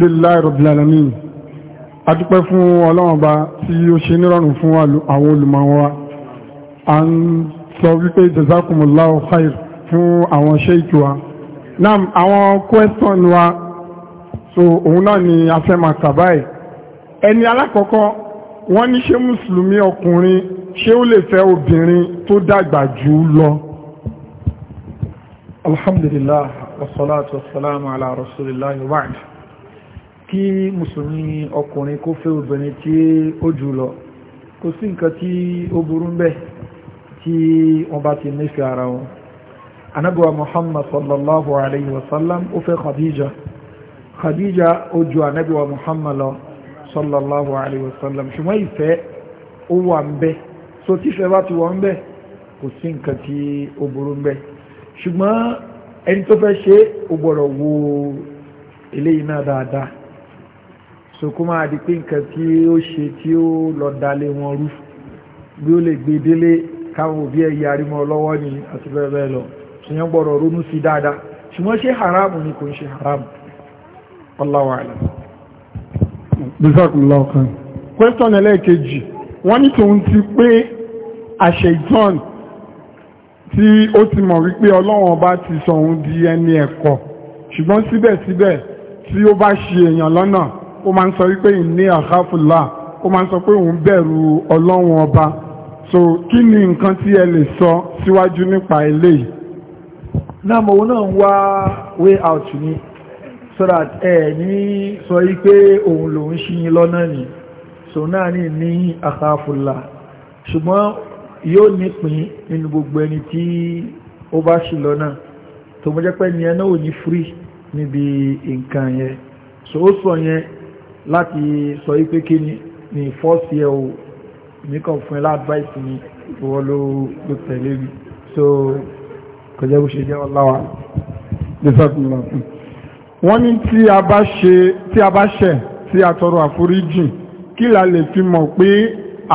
Alhamdulillahi Rabbil Alamin a dúpẹ́ fún Ọlọ́run Ọba tí ó ṣe nírọ̀rùn fún àwọn olùmọ̀wọ́ a ń sọ wípé jazakumullahu khair fún àwọn sheikh wa náà àwọn question wa so òun náà ni a fẹ́ máa kàbáyì ẹni alákọ̀ọ́kọ́ wọ́n ní ṣé mùsùlùmí ọkùnrin ṣé ó lè fẹ́ obìnrin tó dàgbà jù lọ alhamdulillah wassalatu wassalamu ala rasulillah wa kí mùsùlùmí ọkùnrin kó fẹ́ obìnrin tí ó jù lọ kò sí nǹkan tí ó burú ń bẹ̀ tí wọ́n bá ti nífẹ̀ẹ́ ara wọn anábíwa muhammad sallallahu alayhi wa sallam ó fẹ́ khadija khadija ó ju anábíwa muhammad lọ sallallahu alayhi wa sallam ṣùgbọ́n ìfẹ́ ó wà ń bẹ̀ so tífẹ́ bá ti wà ń kò sí nǹkan tí ó burú ń bẹ̀ ṣùgbọ́n ẹni tó fẹ́ ṣe ó gbọ́dọ̀ wo eléyìí náà dáadáa so kó máa di pé nǹkan tí ó ṣe tí ó lọ dalé wọn rú bí ó lè gbé délé káwọn òbí ẹ̀yà arímọ̀ lọ́wọ́ ni àti bẹ́ẹ̀ bẹ́ẹ̀ lọ ṣùgbọ́n gbọ́dọ̀ ronú sí dáadáa ṣùgbọ́n ṣé haramu ni kò ń ṣe haramu Allahu a'lam. bisakunlaw kan question ẹlẹ́ẹ̀kejì wọ́n ní tòun ti pé àṣẹ tí ó ti mọ̀ wípé ọlọ́run ọba ti sọ òun di ẹni ẹ̀kọ́ ṣùgbọ́n síbẹ̀síbẹ̀ tí ó bá ṣe èèyàn lọ́nà ó máa ń sọ wípé inni akhafullah ó máa ń sọ pé òun bẹ̀rù ọlọ́run ọba so kí ni nǹkan tí ẹ lè sọ síwájú nípa eléyìí. náà mo náà ń wá way out ni so that ẹ ní sọ wípé òun lòún ṣí yín lọ́nà ni so náà ní ní akhafullah ṣùgbọ́n yóò nípìn nínú gbogbo ẹni tí ó bá ṣì lọ́nà tó mọ́ ẹ náà ò ní free níbi nǹkan yẹn so ó sọ yẹn láti sọ wípé kí ni fọ́ọ̀sì ẹ̀ o nìkan fún ẹ láàdváìsì ni ìwọ ló ló tẹ̀lé mi so kò jẹ́ bó ṣe jẹ́ ọláwà wọ́n ní tí a bá ṣe tí a bá ṣẹ̀ tí a tọrọ àforíjì kí la lè fi mọ̀ pé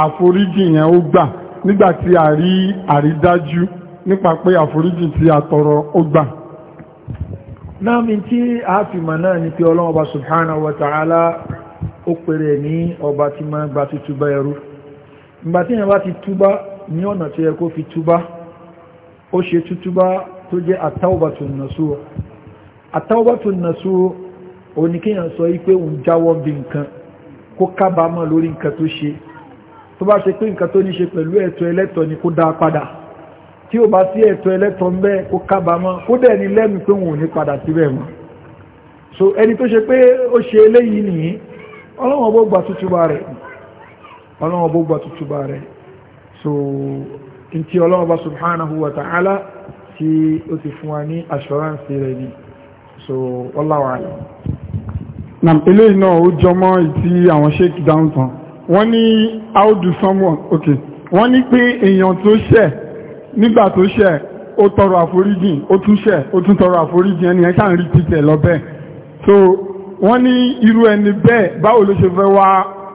àforíjì yẹn ó gbà nígbàtí a rí àrídájú nípa pé àforíjì tí a tọrọ ó gbà náà mi tí a fi mọ̀ náà ni pé ọlọ́wọ́ subhanahu wa ta'ala ó pèrè ní ọba tí máa gba tútúbá ẹrú M'basi tí èèyàn bá ti túbá ní ọ̀nà tí ẹ kó fi túbá ó ṣe tútúbá tó jẹ́ àtàwọ̀bàtún bi nkan' Ko ni tí ó bá sí ẹ̀tọ́ ẹlẹ́tọ́ ń bẹ́ kó kó dẹ̀ ní lẹ́nu pé ò ní padà síbẹ̀ so ẹni tó ṣe pé ó ṣe eléyìí nìyí ọlọ́wọ́n bó gbà tútúbà rẹ̀ ọlọ́wọ́n bó gbà tútúbà rẹ̀ so in ti ọlọ́wọ́n bá subhanahu wa ta'ala tí ó ti fún wa ní assurance rẹ̀ ni so wallahu alam nam eléyìí náà ó jọmọ́ ìtí àwọn sheik downtown wọ́n ní how do someone okay wọ́n ní pé èèyàn tó ṣẹ̀ nígbà tó ṣẹ̀ ó tọrọ àforíjìn ó tún ṣẹ̀ ó tún tọrọ àforíjìn ẹni ẹ̀ ṣáà ń rí títẹ̀ lọ bẹ́ẹ̀ so wọ́n ní irú ẹni bẹ́ẹ̀ báwo ló ṣe fẹ́ wá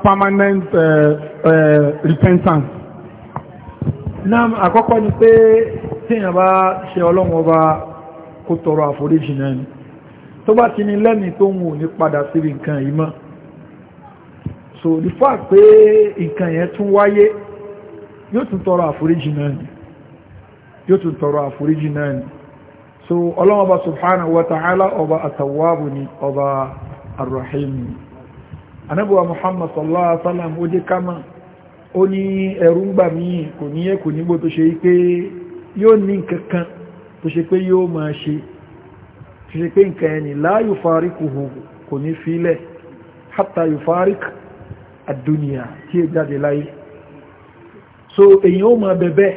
permanent eh, eh, repentance. naam àkọ́kọ́ ni pé tíyàn bá ṣe ọlọ́run ọba kó tọrọ àforíjì náà ni tó bá ti ní lẹ́mìí tó ń wò ní padà síbi nǹkan yìí mọ́ so the fact pé nǹkan yẹn tún wáyé yóò tún tọrọ àforíjì náà ni yóò tún tọrọ àforíjì náà ni so ọlọ́run ọba subhanahu wa ta'ala ọba àtàwábù ni ọba الرحيم anábíwá muhammad sallallahu alaihi wasallam ó dé kama ó ní ẹ̀rù ń gbà mí kò ní yẹ kò nígbò tó ṣe pé yóò ní nǹkankan tó ṣe pé yóò máa ṣe tó ṣe pé nǹkan la yufarikuhu kò ní fílẹ̀ hatta yufarik àdúnìyà tí è jáde láyé so èyàn ó máa bẹ̀bẹ̀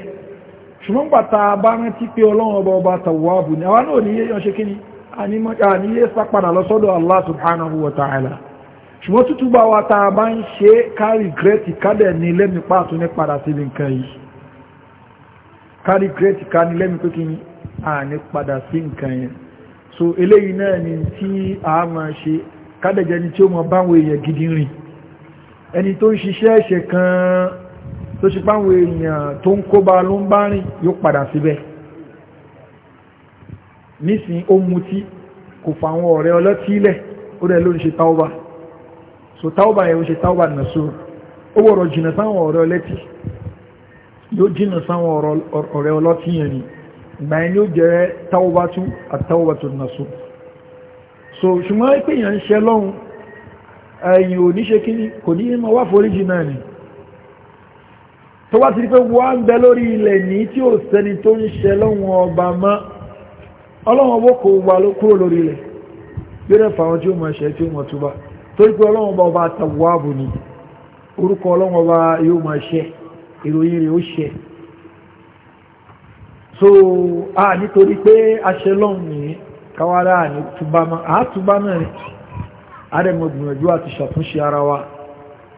ṣùgbọ́n pàtà bá rántí pé ọlọ́run ọba ọba tàwọ́ àbù ni àwa náà ní yẹ́yàn ṣe kí ni ànímọ́ta ní yé sápadà lọ́sọ́dọ̀ Allah subhanahu wa ta'ala ṣùgbọ́n tútù bá wa ta bá ń ṣe ká rìgírẹ́tì kádẹ̀ ní lẹ́mí pàtó ní padà sí ibi nǹkan yìí ká rìgírẹ́tì ká ní lẹ́mí pínpín à ní padà sí nǹkan yẹn so eléyìí náà ni tí a máa ṣe kádẹ̀ jẹ́ ni tí ó mọ báwọn èèyàn gidi rìn ẹni tó ń ṣiṣẹ́ nísìn ó mutí kò fa àwọn ọ̀rẹ́ ọlọ́tí lẹ̀ ó dẹ̀ ló ń ṣe táwọ́bà so táwọ́bà yẹn ó ṣe táwọ́bà nà so ó wọ̀rọ̀ jìnà sáwọn ọ̀rẹ́ ọlẹ́tí yóò jìnà sáwọn ọ̀rẹ́ ọlọ́tí yẹn ni ìgbà yẹn yóò jẹ́ táwọ́bà tún àti táwọ́bà tó nà so so ṣùgbọ́n pé yẹn ń ṣe lọ́hùn ẹ̀yìn ò ní ṣe kí ni kò ní ma wá foríjì náà ni tó wá ti rí pé wọ́n ń bẹ lórí ilẹ̀ ní tí ò sẹ́ni tó ń ṣe lọ́hùn ọba máa ọlọ́wọ́n bó kò wà ló kúrò lórí ilẹ̀ yóò fàwọn tí ó mọ̀ ẹ̀ṣẹ̀ tí ó mọ̀ túbá torí pé ọlọ́wọ́n bá ọba tàwáàbù ni orúkọ ọlọ́wọ́n bá yóò mọ̀ ẹ̀ṣẹ̀ ìròyìn rẹ̀ ó ṣẹ a nítorí pé aṣẹ lọ́hùn ní káwárá ní túbá mọ́ wa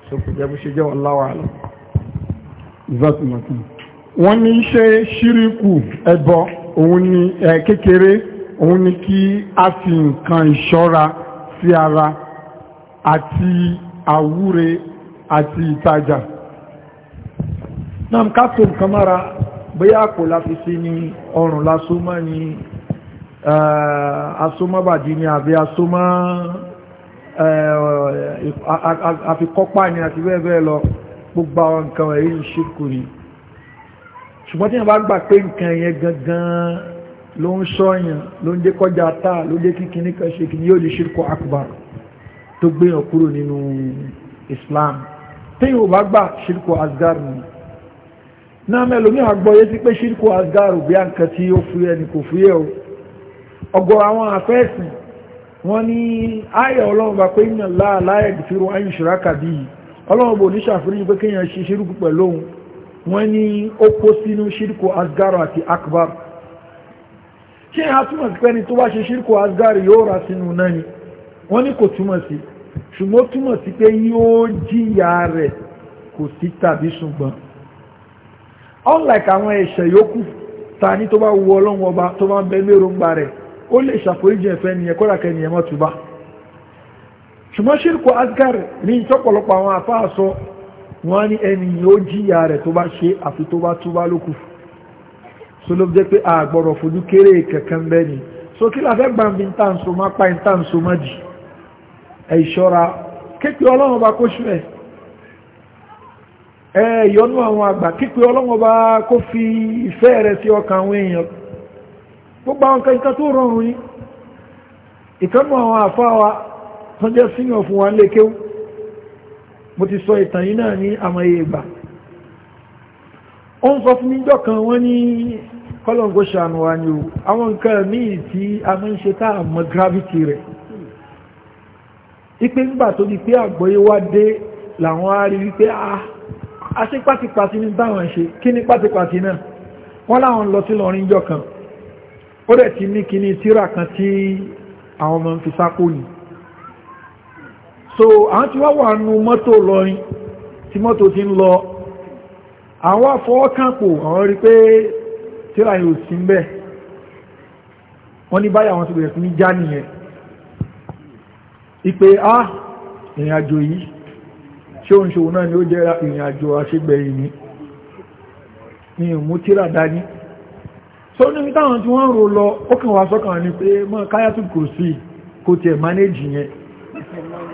so kò jẹ́ bó ṣe jẹ́ wọn láwàá wọ́n ní ṣe ṣíríkù ẹbọ òun ni kékeré òun ni kí a fi nǹkan ìṣọ́ra sí ara àti àwúre àti ìtajà náà ká tó nǹkan mára bóyá àpò láfi sí ni ọrùn lásúmọ́ ni asómọ́bàdí ni àbí asómọ́ àfikọ́pá ni àti bẹ́ẹ̀ bẹ́ẹ̀ lọ gbogbo àwọn nǹkan ẹ̀yìn ṣírkù ni ṣùgbọ́n tí wọ́n bá gbà pé nǹkan yẹn gangan ló ń sọ́yàn ló ń dé kọjá táà ló dé kí kìíní kan ṣe kìíní yóò lè ṣírkù akbar tó gbéyàn kúrò nínú Islam tí yóò bá gbà ṣírkù asgar ni náà mẹ́lòmí àgbọ́yé sí pé ṣírkù asgar bí i nǹkan tí ó fúyẹ́ ni kò fúyẹ́ o ọ̀gọ̀rọ̀ àwọn àfẹ́ẹ̀sìn wọ́n ní ayọ̀ ọlọ́run bá pé ń yàn láàláyẹ̀ ìfìrò ayùṣùrákà bíi ọlọ́run bò ní ṣàfihàn pé kéèyàn ṣe ṣírkù pẹ̀lú òun wọ́n ní ó kó sínú ṣírkù asgar àti akbar ṣe ha sí pẹ́ni tó bá ṣe ṣírkù asgar yóò ra sínú náà ni wọ́n ní kò túmọ̀ sí ṣùgbọ́n túmọ̀ sí pé yóò jíyà rẹ̀ kò sí tàbí ṣùgbọ́n unlike àwọn ẹ̀ṣẹ̀ yòókù ta ní tó bá wu ọlọ́run ọba tó bá ń bẹ rẹ̀ ó lè ṣàforíjì ẹ̀fẹ́ ni ẹ̀mọ́ tuba ṣùgbọ́n ní ìtọ́pọ̀lọpọ̀ àwọn wọ́n ní ẹni yóò jíyà rẹ̀ tó bá ṣe àfi tó bá túbá lókù so ló jẹ́ pé àgbọ̀rọ̀ fojú kéré kankan bẹ́ ni so kí láfẹ́ gbà ń bí tàǹsó má pa ń tàǹsó má jì ẹ̀ ìṣọ́ra képe ọlọ́run bá kó ṣúẹ̀ ẹ̀ ìyọnú àwọn àgbà képe ọlọ́run bá kó fi ìfẹ́ rẹ̀ sí ọkàn àwọn èèyàn gbogbo àwọn kan tó rọrùn yìí ìkànnù àwọn àfáwa tó jẹ́ senior fún wa lékéwù mo ti sọ ìtàn yìí náà ní àmọye ìgbà ó ń sọ fún níjọ́ kan wọ́n ní kọ́lọ̀ǹgó ṣàánú wa ni o àwọn nǹkan míì tí a máa ń ṣe tá a mọ gravity rẹ̀ ipe nígbà tó di pé àgbọ́yé wá dé làwọn á wípé ah, a ṣe pátipàti ní báwọn ṣe kí ni pátipàti náà wọ́n láwọn lọ sí lọ́rin jọ kan ó dẹ̀ ti ní kíní tíra kan tí àwọn ọmọ ń fi sápò yìí so àwọn tí wọ́n wà nú mọ́tò lọrin tí mọ́tò ti ń lọ àwọn afọwọ́kànpò àwọn rí pé tíra yóò sí mbẹ́ wọ́n ní báyà wọn ti bẹ̀rẹ̀ sí ní já nìyẹn ipé a ìrìn àjò yìí ṣe òun ṣòun náà ni ó jẹ́ ìrìn àjò ni ni tí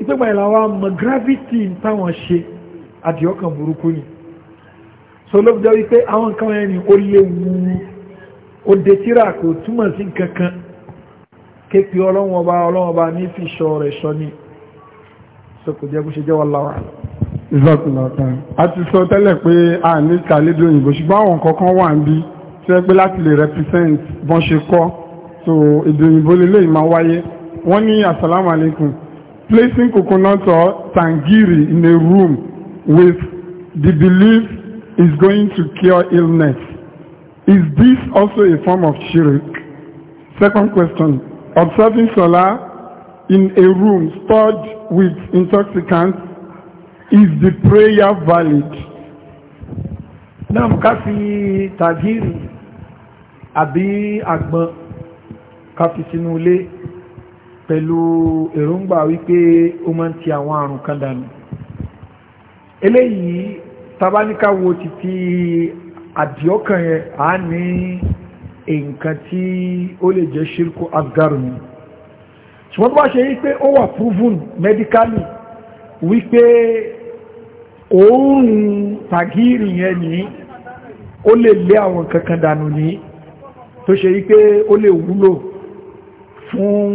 ìpẹ́gbà ìlàwà mọ̀ gravity táwọn ṣe àdìọ́kàn burúkú ni so ló jẹ́ wípé àwọn nǹkan ẹ̀ ni ó léwu ó dé tíra kò túmọ̀ sí kankan képe ọlọ́wọ́n ọba ọlọ́wọ́n ọba ní fi ṣọ rẹ̀ ṣọ ni so kò jẹ́ bó ṣe jẹ́ wọ́n láwà ìzọ́kùnlọ́ta a ti sọ tẹ́lẹ̀ pé a ní kàlédò òyìnbó ṣùgbọ́n àwọn kọ̀ọ̀kan wà ń bí tí wọ́n pé láti lè represent bọ́n ṣe kọ́ so èdè òyìnbó lélẹ́yìn máa wáyé wọ́n ní assalamu alaikum placing coconut or tangiri in a room with the belief is going to cure illness. Is this also a form of shirk? Second question. Observing Salah in a room stored with intoxicants, is the prayer valid? Náà ká fi tàgírì àbí àgbọn ká fi sínú ilé pẹ̀lú èròǹgbà wípé ó máa ń ti àwọn àrùn kan dànù eléyìí tabaníká wo títí àdìọ́kàn yẹn a ní nǹkan tí ó lè jẹ́ ṣírkù asgaru ni ṣùgbọ́n bá ṣe wípé ó wà proven medically wípé òórùn tàgírì yẹn ni ó lè lé àwọn kankan dànù ní tó ṣe wípé ó lè wúlò fún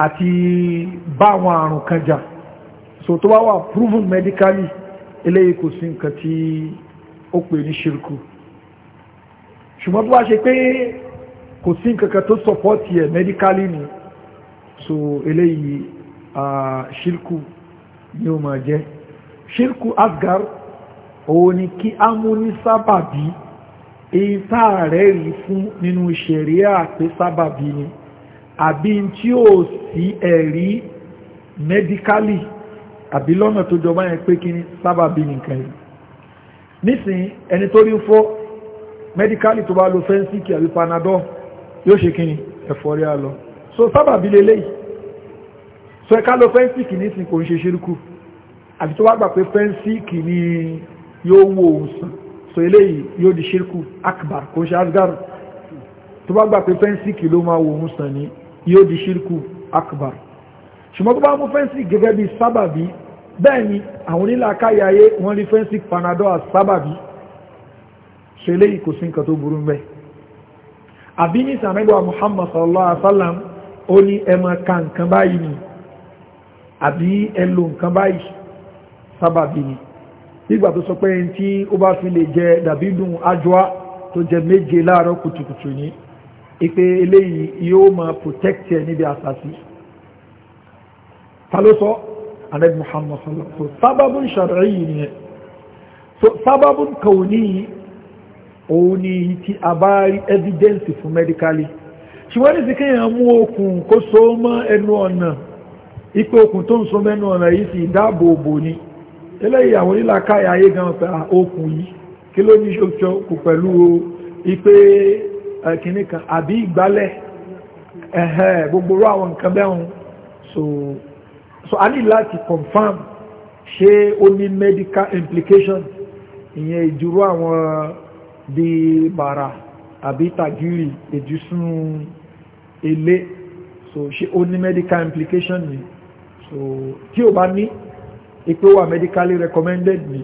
àti bá àwọn àrùn kan jà so tó bá wà proven medically eléyìí kò sí nǹkan tí ó pè ní ṣirkù ṣùgbọ́n tó bá ṣe pé kò sí nǹkan kan tó support yẹ medically ni so eléyìí ṣirkù ni ó máa jẹ́ ṣirkù asgar òun ni kí a mú ní sábàbí èyí táà rẹ̀ rí fún nínú ṣẹ̀ríà pé sábàbí ni àbí tí ó sí ẹ̀rí mẹ́díkálì àbí lọ́nà tó jọba yẹn pé kí ní sábà bí nìkan yìí nísìn ẹni tó rí fọ́ mẹ́díkálì tó bá lo fẹ́ǹsìkì àbí panadol yóò ṣe kí ní ẹ̀fọ́rí àlọ́ so sábà bí lélẹ́yìí so ẹ̀ká lo fẹ́ǹsìkì nísìn kò ń ṣe ṣírúkù àbí tó wá gbà pé fẹ́ǹsìkì ni yóò wo òsàn so eléyìí yóò di ṣírúkù akbar kò ń ṣe asgar tó bá gbà pé fẹ́ǹsìkì ló máa wo òsàn ni yóò di ṣírkù akbar ṣùgbọ́n tó bá mú fẹ́ǹsì gẹ́gẹ́ bí sábàbí bẹ́ẹ̀ ni àwọn onílà káyàyé wọ́n rí fẹ́ǹsì panadol sábàbí ṣe léyìí kò nǹkan tó burú mẹ́ àbí ní sàmẹ́gbà Muhammad sallallahu alaihi wasallam ó ní ẹmọ ka nǹkan báyìí ni àbí ẹlò nǹkan báyìí sábàbí ni nígbà tó sọ pé ẹni tí ó bá fi lè jẹ dàbídùn ajwa tó jẹ méje láàárọ̀ kùtùkùtù yìí ipe eléyìí yóò máa protect ẹ níbi àsàsí ta ló sọ anabi muhammad sallallahu alaihi wasallam sábàbùn shar'i nìyẹn so sábàbùn kauni ni ti a bá rí evidence fún medically ṣùgbọ́n ní sí kéèyàn mú okùn kó so mọ́ ẹnu ọ̀nà ipe okùn tó ń so mẹ́nu ọ̀nà yìí sì dáàbòbò ni eléyìí àwọn onílà ayé gan pé ah, okùn yìí kí ló ní ṣokùn pẹ̀lú ipe Eh, kìíní kan àbí ìgbálẹ̀ ẹ̀hẹ́ gbogbo rú àwọn nǹkan bẹ́hùn so so a ní láti confirm ṣé ó ní medical implication ìyẹn ìdúró àwọn bí bàrà àbí tàgírì ìdúsùn ilé so ṣé ó ní medical implication ni so tí ò bá ní ipé wà medically recommended ni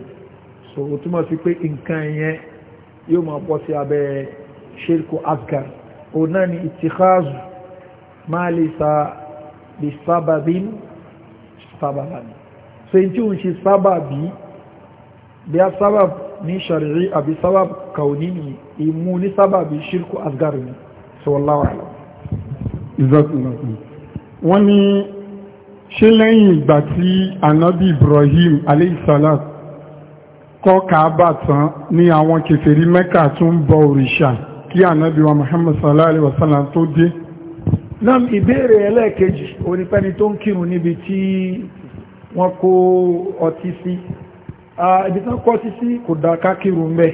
so ó túmọ̀ sí pé nǹkan yẹn yóò máa bọ́ sí abẹ́ ṣírkù afghan òun náà ni ìtìkáàzù máa lè sa lè sábàbí sábàbà ní so in tí ó ń ṣe sábàbí bí a sábàb ní ṣàrírí àbí sábàb ni ìmú ní sábàbí ṣírkù afghan ni sallallahu alaihi wọ́n ní ṣe lẹ́yìn ìgbà tí anábì ibrahim aleyhisalam kọ́ kaaba tán ni àwọn kèfèrí mẹ́kà tún bọ òrìṣà kí ànábí wa Muhammad sallallahu alaihi wasallam tó dé náà ìbéèrè ẹlẹ́ẹ̀kejì onípẹni tó ń kírun níbi tí wọ́n kó ọtí sí ibi tán kọ́ ọtí sí kò dá ká kírun bẹ́ẹ̀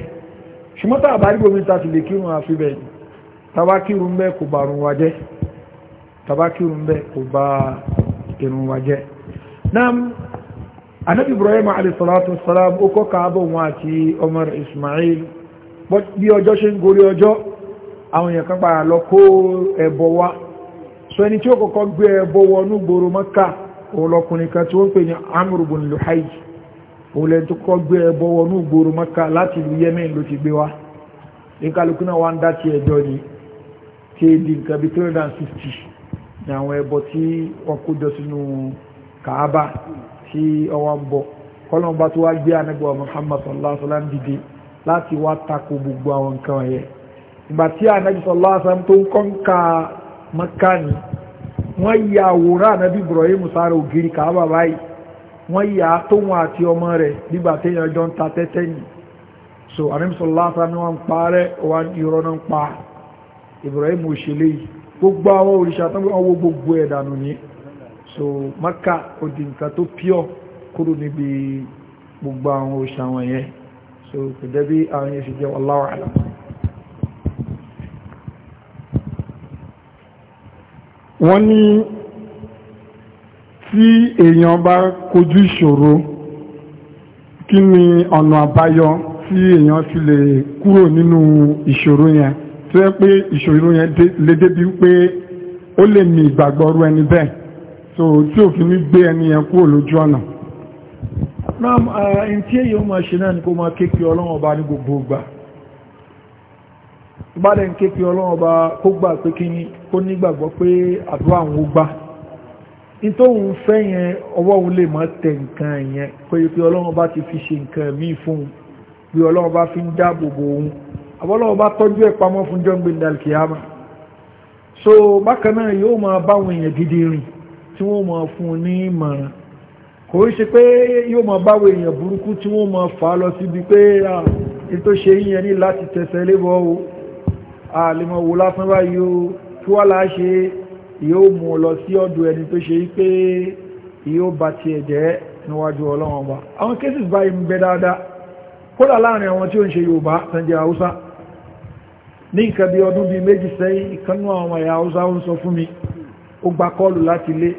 ṣùgbọ́n tá àbá rígbòmí ta ti lè kírun àfi tàbá kírun bẹ́ẹ̀ kò bá rùn wa tàbá kírun bẹ́ẹ̀ kò bá irun wa náà ànábí Ibrahim alayhi salatu ó kọ́ Káàbọ̀ wọn àti Omar Ismail bí ọjọ́ ṣe ń gorí ọjọ́ àwọn èèyàn kan lọ kó ẹbọ wá so ẹni tí ó kọ́kọ́ gbé ẹbọ wọnú gbòòrò Mẹ́kà òun lọkùnrin kan tí wọ́n pè ní o ibn tó kọ́kọ́ gbé ẹbọ wọnú gbòòrò Mẹ́kà láti ìlú Yemen ló ti gbé wá ìkálukú náà wá ń dá ti ẹjọ́ ni tí Kaaba tí ọwọ́ ń anagba láti wá tako gbogbo àwọn nǹkan ẹ̀yẹ ìgbà tí ànábì sallallahu alaihi wasallam tó ń kọ́ńkà Mákà wọ́n yà àwòrán ànábì Ibrahim sára ògiri Káàbà báyìí wọ́n yà á tóun àti ọmọ rẹ̀ nígbà téèyàn jọ ń ta tẹ́tẹ́ ni so ànábì sallallahu alaihi wasallam ni wọ́n ń pa rẹ̀ wọ́n irọ́ náà ń pa Ibrahim òṣèlè yìí gbogbo àwọn òrìṣà tó ń wọ́n wo gbogbo ẹ̀ dànù ni so Mákà òdì nǹkan tó pure kúrò níbi gbogbo àwọn so kò jẹ́ bí àwọn yẹn ṣe jẹ́ wallahu a'lam. wọ́n ní tí èèyàn bá kojú ìṣòro kí ni ọ̀nà àbáyọ tí èèyàn fi lè kúrò nínú ìṣòro yẹn tó yẹ pé ìṣòro yẹn lè débi pé ó lè ní ìgbàgbọ́rú ẹni bẹ́ẹ̀ so tí òfin ní gbé ẹni yẹn kúrò lójú ọ̀nà náà eh, ẹni tí èyí ma ṣe náà ni kó ma kéèkì ọlọ́wọ́ bá ní gbogbo gbà ìbálẹ̀ ń kéèkì ọlọ́wọ́ bá kó gbà pé kí ní kó nígbàgbọ́ pé àdúrà òun ó gbà ní tó ń fẹ́ yẹn ọwọ́ òun lè má tẹ nǹkan yẹn pé pé ọlọ́wọ́ bá ti fi ṣe nǹkan míì fún un bí ọlọ́wọ́ bá fi ń dáàbò òun àbọ́lọ́wọ́ bá tọ́jú ẹ̀ pamọ́ fún jọ́ngbìndàlkìyàmá so bákan náà yóò máa báwọn èèyàn gidi rìn kò ń ṣe pé yóò máa báwo èèyàn burúkú tí wọ́n máa fà á lọ síbi pé ní tó ṣe yíyan ní láti tẹ̀sẹ̀ lébọ̀ o àlèmọ̀ wò lásán báyìí o kí wọ́n láá ṣe yóò mú lọ sí ọ̀dọ̀ ẹni tó ṣe pé yóò bá ti ẹ̀jẹ́ níwájú ọlọ́wọ́n ọba àwọn cases báyìí ń bẹ dáadáa kódà láàrin àwọn tí ó ń ṣe Yorùbá sanjẹ Haúsá ní nǹkan bí ọdún bíi méjì sẹ́yìn ìkànnú àwọn ẹ̀yà Haúsá ń sọ fún mi ó gba kọ́ọ̀lù láti lé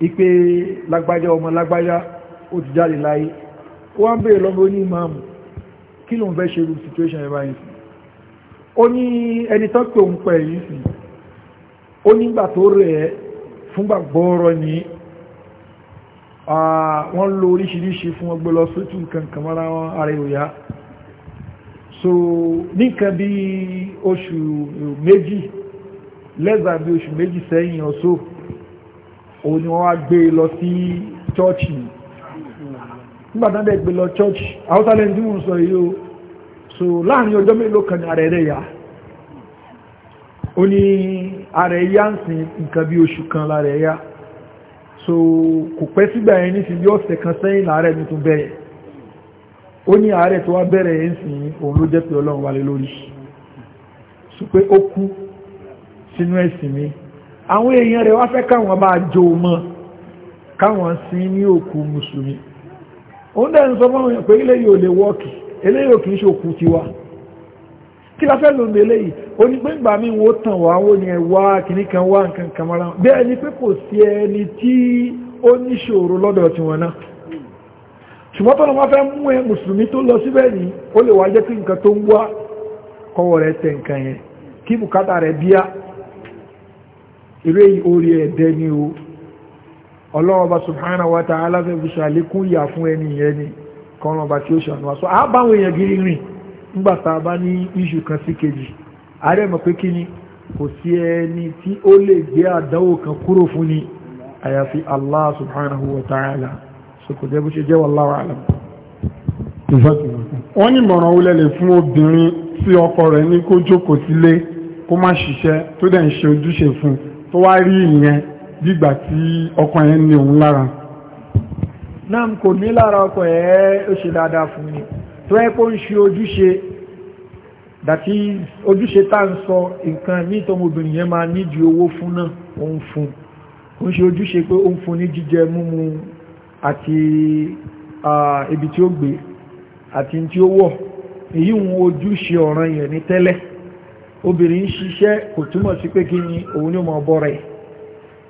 ipé lágbájá ọmọ lágbájá ó ti jáde láyé ó wá ń bèèrè lọ́mọ oní ìmáàmù kí ló ń fẹ́ ṣe irú situation ẹ̀ báyìí sí ó ní ẹni tán pé òun pẹ̀ yìí sí ó nígbà tó rẹ̀ ẹ́ fúngbà gbọ́ọ̀rọ̀ ni wọ́n lo oríṣiríṣi fún ọgbẹ́ lọ sótú kankan mọ́ra wọn ara ìhòyá so nìkan bí oṣù méjì lẹ́gbàá bí oṣù méjì sẹ́yìn ọ̀sọ́ òun ni wọ́n wá gbé e lọ sí chọ́ọ̀chì nígbàtán e gbé lọ chọ́ọ̀chì haúsá lẹ́yìn tí mò sọ o so láàrin ọjọ́ mélòó kan ní ààrẹ rẹ̀ yá a ní ààrẹ yá ń sin nǹkan bí oṣù kan láàrẹ so kò pẹ́ sígbà yẹn ní sí ọ̀sẹ̀ kan sẹ́yìn láàrẹ mi tún bẹ̀rẹ̀ o ní ààrẹ tó wá bẹ̀rẹ̀ yẹn sìn òun ló jẹ́ pé ọlọ́run wálé lórí so pé ó kú sínú mi àwọn èèyàn rẹ̀ wá fẹ́ káwọn bá jò mọ́ káwọn sí ní òkú mùsùlùmí òun dẹ̀ ń sọ fún pé eléyìí ò lè wọ́ọ̀kì eléyìí ò kì í ṣe òkú kí la fẹ́ eléyìí o ní pé ìgbà mí wò tàn wá wò ní ẹwà wá nǹkan pé kò sí ẹni tí ó lọ́dọ̀ náà ṣùgbọ́n fẹ́ mú ẹ eré orí ẹ̀dẹ́ ni o ọlọ́ọba subhanahu wa ta'ala fẹ́ fi ṣàlékún ìyà fún ẹni ìyẹn ni kọ́nà bá tí ó so àṣọ àbáwọn èèyàn gírí rìn nígbàtà bá ní iṣu kan sí kejì ààrẹ mọ̀ pé kí ni kò sí ẹni tí ó kan kúrò fún ni àyàfi Allah subhanahu wa ala so kò jẹ́ bó ṣe jẹ́ wọ́n ní mọ̀ràn ó lẹ́lẹ̀ fún obìnrin ọkọ rẹ̀ ní kó jókòó sílé kó má ṣiṣẹ́ tó dẹ̀ tó wá rí ìyẹn gbígbà tí ọkọ yẹn ní òun lára náà kò ní lára ọkọ ẹ̀ ó ṣe dáadáa fún mi tó ẹ́ kó ń ṣe ojúṣe dàtí ojúṣe tá ń sọ nǹkan ní tọmọbìnrin yẹn máa ní owó fún náà ó ń fún ó ń ṣe ojúṣe pé ó ń fún ní jíjẹ múmu àti ibi obìnrin ṣiṣẹ́ kò túmọ̀ sí pé kí ni òun ní ó máa bọ́ rẹ̀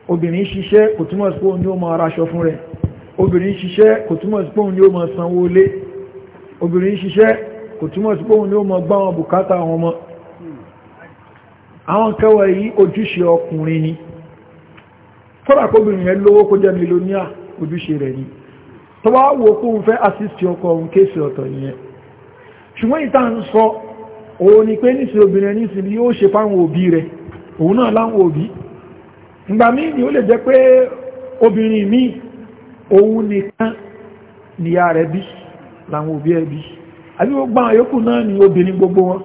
obìnrin ṣiṣẹ́ kò túmọ̀ sí pé òun ní ó máa raṣọ fún rẹ̀ obìnrin ṣiṣẹ́ kò túmọ̀ sí pé òun ní ó máa sanwó obìnrin ṣiṣẹ́ kò sí pé òun ó máa ni kọ́dà kóbìnrin yẹn lówó kó jẹ́ ni kóun fẹ́ assist òun kéèsì ọ̀tọ̀ yẹn ṣùgbọ́n òun ni pé nísìn obìnrin nísìn yóò ṣe fáwọn òbí rẹ̀ òun náà láwọn òbí ìgbà míì ni ó lè jẹ́ pé obìnrin míì òun nìkan níyà rẹ̀ bí láwọn òbí ẹ̀ bí àbí ni obìnrin gbogbo wọn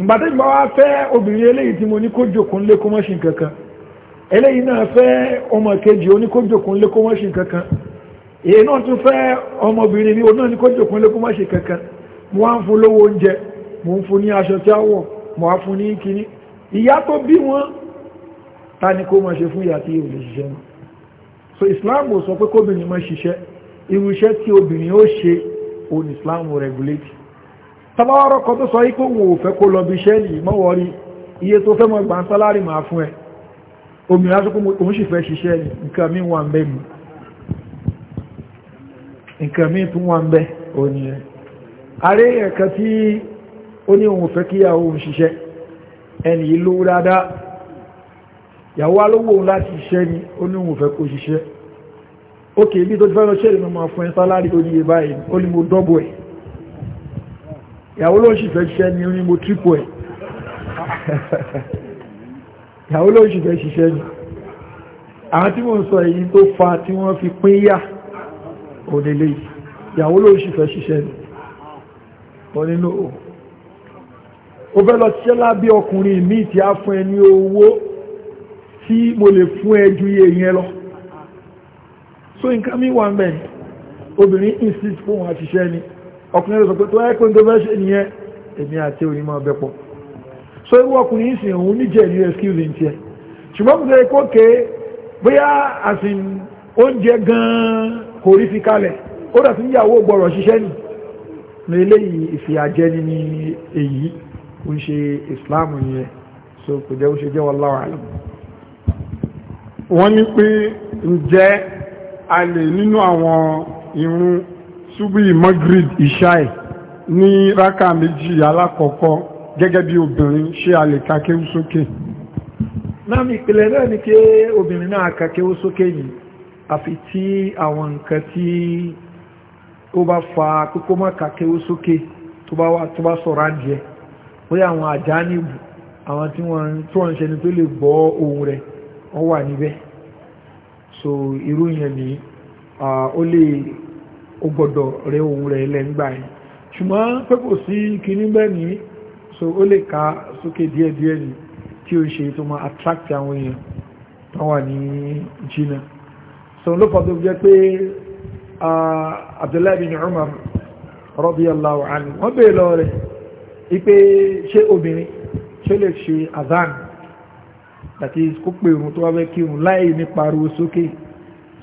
ìgbàtẹ́ ìgbà wá fẹ́ obìnrin eléyìí tí mo ní kó jòkún kó mọ́ṣin kankan eléyìí náà fẹ́ ọmọ kejì ó ní kó jòkún kó mọ́ṣin kankan èyí náà tún fẹ́ ọmọbìnrin mò ń fún ní aṣọ tí a wọ̀ mò á fún ní kíní ìyá tó bí wọn ta ni kó máa ṣe fún ìyá tí ò lè ṣiṣẹ́ wọn so islam ò sọ pé kóbìnrin máa ṣiṣẹ́ irú tí obìnrin ó ṣe òun islam regulate tàbáwárọ̀ kan tó sọ yí kó wò fẹ́ kó lọ bí iṣẹ́ nìyí mọ́wọ́ rí iye tó fẹ́ mọ́ gbà ń sálárì máa fún ẹ òmìnira tó kún òun sì fẹ́ ṣiṣẹ́ ní nǹkan mí wà ń bẹ́ mi nǹkan mí tún wà ń bẹ́ òní ẹ̀ ààrẹ ẹ̀kan tí ó ní òun fẹ́ kí ìyàwó òun ṣiṣẹ́ ẹni yìí lówó dáadáa ìyàwó alówó òun láti ṣiṣẹ́ ni ó ní òun fẹ́ kó ṣiṣẹ́ ókè ibi tó ti fẹ́ lọ ṣẹ́rì mọ́ máa fún ẹ sálárì ó ní iye báyìí ó ní mo dọ́bọ̀ ẹ̀ ìyàwó ló ń ṣì fẹ́ ṣiṣẹ́ ni ó ní mo trípò ẹ̀ ìyàwó ló ń ṣì fẹ́ ṣiṣẹ́ ni wọ́n nínú òun ó fẹ́ lọ ṣiṣẹ́ lábẹ́ ọkùnrin mi tí a fún ẹ ní owó tí mo lè fún ẹ ju iye yẹn lọ so nǹkan mi wà ń bẹ̀ obìnrin insist fún òun àṣìṣẹ́ ni ọkùnrin lọ sọ pé tó ẹ́ pé ń tó fẹ́ ṣe nìyẹn èmi àti onímọ̀ ọbẹ̀ pọ̀ so irú ọkùnrin yìí sì òun níjẹ̀ ní excuse ní tiẹ̀ ṣùgbọ́n mo sọ kókè bóyá àsìn oúnjẹ gan-an kò rí fi kalẹ̀ ó dàtí níyàwó gbọ́rọ̀ ṣiṣẹ́ nì ní eléyìí ìfìyàjẹni ni èyí kò ń ṣe islam yẹn so kò jẹ́ ó ṣe jẹ́ wallahu alam wọ́n ní pé ǹjẹ́ a lè nínú àwọn irun ṣubú maghrib ìṣáì ní rákà méjì alákọ̀ọ́kọ́ gẹ́gẹ́ bí obìnrin ṣé a lè ka kéwú sókè náà ìpìlẹ̀ náà ni pé obìnrin náà ka kéwú sókè yìí àfi tí àwọn nǹkan tí ó bá fa kókó mọ́ ka kéwú sókè tó bá sọ̀rọ̀ adìẹ bóyá àwọn àjá níbù àwọn tí wọ́n tó ń ni tó lè gbọ́ ohun rẹ̀ wọ́n wà níbẹ̀ so irú yẹn ni ó lè ó gbọ́dọ̀ rẹ ohun rẹ̀ lẹ́ngbà yẹn ṣùgbọ́n pé sí bẹ́ẹ̀ ni so ó lè ka sókè díẹ̀díẹ̀ ni tí ó ṣe tó máa attract àwọn èèyàn tó wà ní jìnnà so ló fọ́ tó jẹ́ pé Abdullahi bin Umar radiyallahu anhu wọ́n bèèrè lọ wípé ṣé obìnrin ṣé lè ṣe azan àti kó pè irun tó wá fẹ́ kírun láì ní pariwo sókè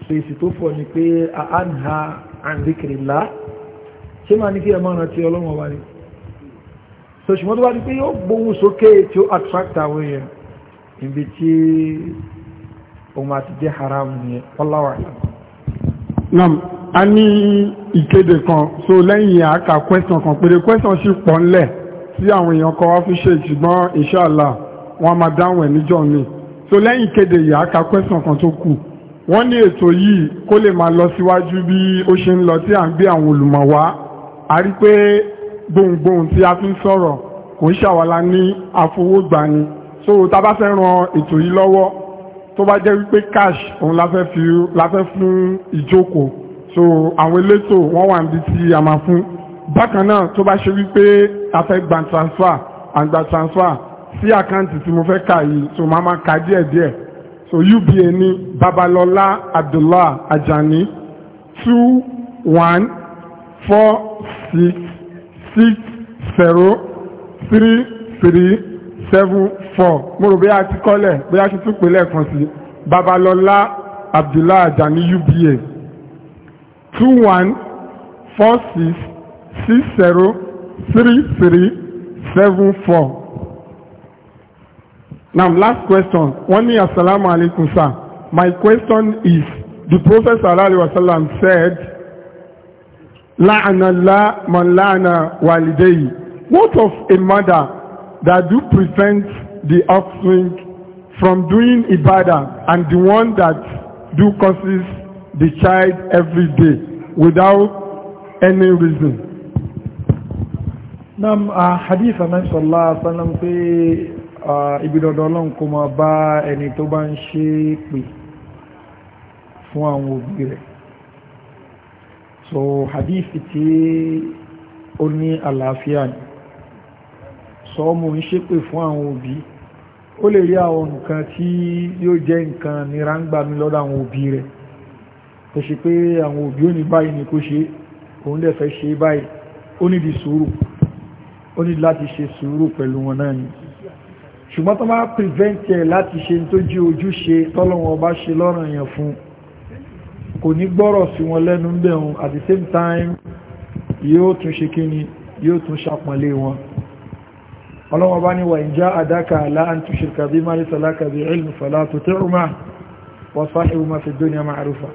so èsì tó fọ̀ ni pé àánà àǹdíkìrìlá ṣé máa ní kí ẹ máa rántí ọlọ́wọ́n wa ni so ṣùgbọ́n tó bá ní pé yóò gbóhùn sókè tí ó attract àwọn èèyàn ibi tí òun àti jẹ́ haram ni ọláwà nam a ní ìkéde kan so lẹ́yìn àkà question kan pèrè question sì pọ̀ ńlẹ̀ tí àwọn èèyàn kan wá fi ṣe ṣùgbọ́n inṣàlá wọ́n máa dáhùn ẹ̀ níjọ́ mi so lẹ́yìn ìkéde yìí á ka kwẹ́sàn kan tó kù wọ́n ní ètò yìí kó lè máa lọ síwájú bí ó ṣe ń lọ tí à ń gbé àwọn olùmọ̀ a rí pé gbohùngbohùn tí a fi ń sọ̀rọ̀ kò ń ṣàwálá ní àfọwọ́gbani so tá a bá fẹ́ ran ètò yìí lọ́wọ́ tó bá jẹ́ wípé cash òun la fẹ́ fún ìjókòó so àwọn elétò wọ́n wà níbi tí a máa fún bákan náà tó bá ṣe wípé a fẹ́ gba transfer and gba transfer sí àkáǹtì tí mo fẹ́ kà yìí so máa máa kà díẹ̀ díẹ̀ so uba ní babalọ́lá abdullah ajani two one four six six zero three three seven four mo rò bóyá ti kọ́lẹ̀ bóyá ti tún pèlẹ̀ kan sí babalọ́lá abdullah ajani uba two one four six six zero three three seven four. now last question wọ́n ní asalaamu alaykum sir my question is the prophet sallallahu alaihi wasallam said la'anallah man la'ana walidayi." what of a mother that do prevent the offspring from doing ibadah and the one that do causes the child every day without any reason? nam hadith amen sallallahu alaihi wasallam pé ibidọ̀dọ̀ ọlọ́run kó máa bá ẹni tó bá ń ṣe pè fún àwọn òbí so hadith tí ó ní àlàáfíà ni sọ mú ń ṣe pè fún àwọn òbí ó lè rí àwọn nǹkan tí yóò jẹ́ nǹkan nira ń gbà mí lọ́dọ̀ àwọn òbí rẹ̀ tó ṣe pé àwọn òbí ò ní báyìí ni kó ṣe òun lè fẹ́ ṣe báyìí ó nídìí sùúrù ó ní láti ṣe sùúrù pẹ̀lú wọn náà ni ṣùgbọ́n tó máa prevent ẹ̀ láti ṣe tó jí ojúṣe tọ́lọ́wọ́n bá ṣe lọ́rùn yẹn fún kò ní gbọ́rọ̀ sí wọn lẹ́nu ń bẹ̀ wọn at the same time yóò tún ṣe kíni yóò tún ṣàpọ̀nlé wọn ọlọ́wọ́n bá ní wa in jahadaka ala an tushrika bí má laysa laka bihi ilmun fala tuti'huma wa sahibhuma fid dunya ma'rufa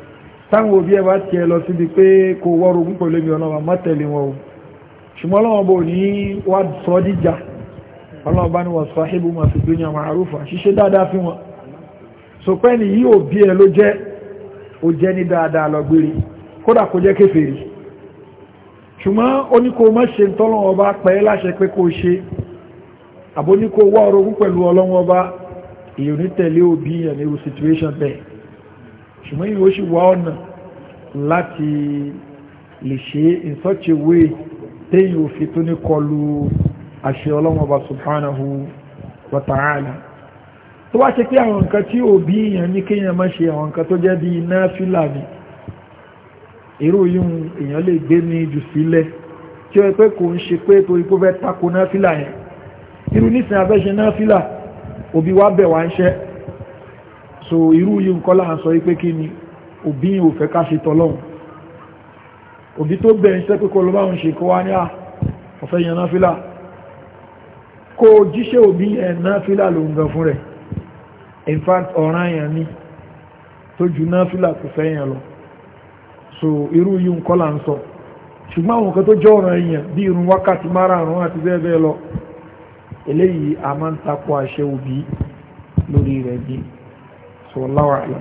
táwọn òbí ẹ bá tiẹ̀ lọ síbi pé kò wọ́rọ̀ ogún pẹ̀lú ọlọ́wọ́ mọ́tẹ̀lé wọn o ṣùgbọ́n ọlọ́wọ́ bò ní wà sọ díjà ọlọ́wọ́ bá ní wà sahibu ma fi dunya ma'rufa ṣíṣe dáadáa fi wọn so pẹ́ ni yí òbí ẹ ló jẹ́ ó jẹ́ ní dáadáa lọ gbére kódà kó jẹ́ kéfèèrè ṣùgbọ́n ó ní kó má ṣe tọ́lọ́wọ́ bá pẹ́ láṣẹ pé kó ṣe àbó ní kó wá orogún pẹ̀lú ọlọ́wọ́ bá èyàn ní situation bẹ́ẹ̀ ṣùgbọ́n ìyóò ṣì wá ọ̀nà láti lè in such a way téyì òfin tó ní kọlu àṣẹ ọlọ́mọba subhanahu wa ta'ala tó wá ṣe pé àwọn nǹkan tí òbí èèyàn ní kéèyàn má ṣe àwọn nǹkan tó jẹ́ bí náfìlà ni èrò yíò èèyàn lè gbé ní jù sílẹ̀ tí ó yẹ pé kò ń ṣe pé torí kó fẹ́ tako náfìlà yẹn irú nísìn abẹ́ṣe náfìlà òbí wá bẹ̀ wá ń ṣẹ́ so irú yìí ń kọ́ láà sọ wípé kí ni òbí ò fẹ́ ká ṣe tọ́lọ́hùn òbí tó bẹ̀rẹ̀ iṣẹ́ pé kó lọ bá ń ṣe kó wá ní ọ̀fẹ́ ah, yẹn náfílà kó jíṣẹ́ òbí ẹ̀ náfílà ló ń gan fún rẹ̀ in fact ọ̀ràn yẹn ni tó ju náfílà kò fẹ́ yẹn lọ so irú yìí ń kọ́là ń sọ ṣùgbọ́n àwọn kan tó jẹ́ ọ̀ràn yẹn bí irun wákàtí márààrún àti bẹ́ẹ̀ bẹ́ẹ̀ lọ eléyìí a máa ń takò àṣẹ òbí lórí rẹ̀ bí so wallahu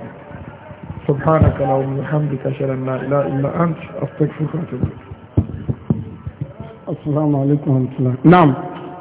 سبحانك اللهم وبحمدك اشهد ان لا اله الا انت استغفرك واتوب السلام عليكم ورحمه الله نعم